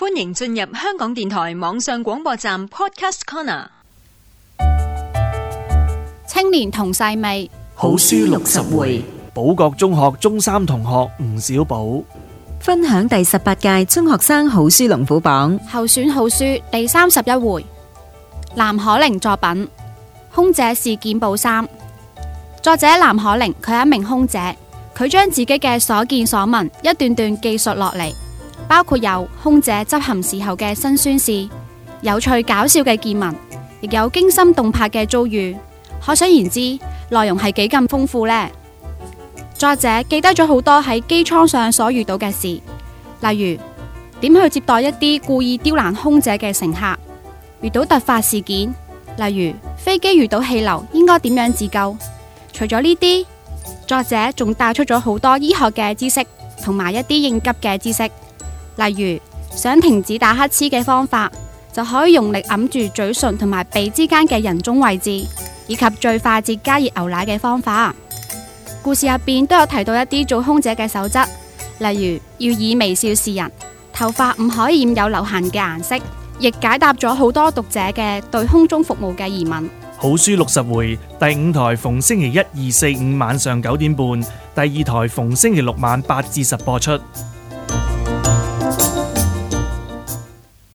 歡迎進入香港電台網上廣播站 Podcast Corner，青年同細味好書六十回，寶覺中學中三同學吳小寶分享第十八屆中學生好書龍虎榜候選好書第三十一回，藍海寧作品《空姐事件簿三》，作者藍海寧，佢係一名空姐，佢將自己嘅所見所聞一段段記述落嚟。包括有空姐執行時候嘅辛酸事，有趣搞笑嘅見聞，亦有驚心動魄嘅遭遇。可想而知，內容係幾咁豐富呢？作者記低咗好多喺機艙上所遇到嘅事，例如點去接待一啲故意刁難空姐嘅乘客，遇到突發事件，例如飛機遇到氣流應該點樣自救。除咗呢啲，作者仲帶出咗好多醫學嘅知識同埋一啲應急嘅知識。例如，想停止打乞嗤嘅方法，就可以用力揞住嘴唇同埋鼻之間嘅人中位置，以及最快捷加熱牛奶嘅方法。故事入邊都有提到一啲做空姐嘅守則，例如要以微笑示人，頭髮唔可以染有流行嘅顏色，亦解答咗好多讀者嘅對空中服務嘅疑問。好書六十回第五台逢星期一、二、四、五晚上九點半，第二台逢星期六晚八至十播出。